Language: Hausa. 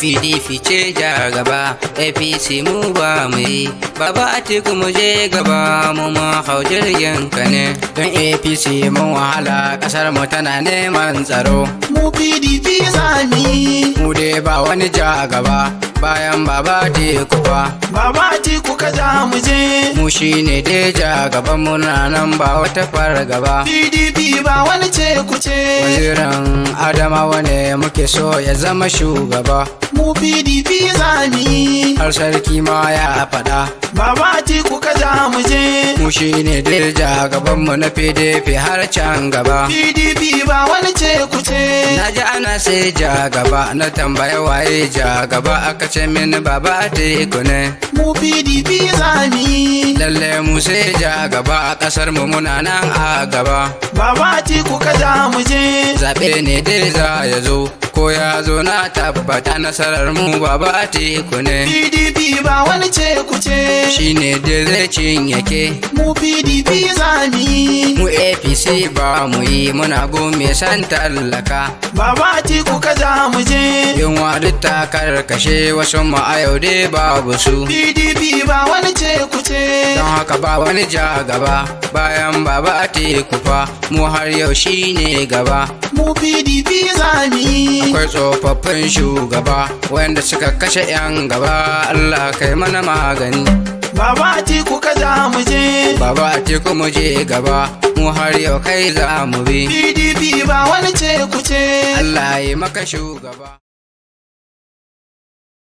pdp ce ja gaba apc mu ba mu yi baba atiku mu je gaba mu ma hau jirgin ka ne don apc mun wahala kasar mu tana neman tsaro mu pdp zami mu de ba wani ja gaba bayan baba teku ba. Baba teku ka ja mu je. Mu shi ne deja gaban muna nan ba wata fargaba. PDP ba wani ce ku ce. Waziran adamawa ne muke so ya zama shugaba mu pdp zami har sarki ma ya faɗa baba ku ka za mu je mu shi ne dirja gaban mu na pdp har can gaba pdp ba wani ce ku ce na ji ana sai ja gaba na tambaya waye ja gaba aka ce mini baba ku ne mu pdp zami lalle mu sai ja gaba a kasar mu muna nan a gaba baba ku ka za mu je zaɓe ne dai za ya zo ko ya zo na tabbata nasarar mu ba teku ne pdp ba wani ce ce shine da zai cinyake mu pdp za mu yi mu apc ba mu yi muna gome san tallaka ba ba teku ka za mu ma duk ta karkashe wasu ma a yau dai babu su pdp ba wani ce kuce don haka ba wani ja gaba bayan baba a teku fa mu har yau shi ne gaba mu pdp zami akwai tsofaffin shugaba wanda suka kashe 'yan gaba allah kai mana magani Baba a teku ka za mu je. Baba a teku mu je gaba, mu har yau kai za mu bi. PDP ba wani ce ku ce. Allah ya maka shugaba.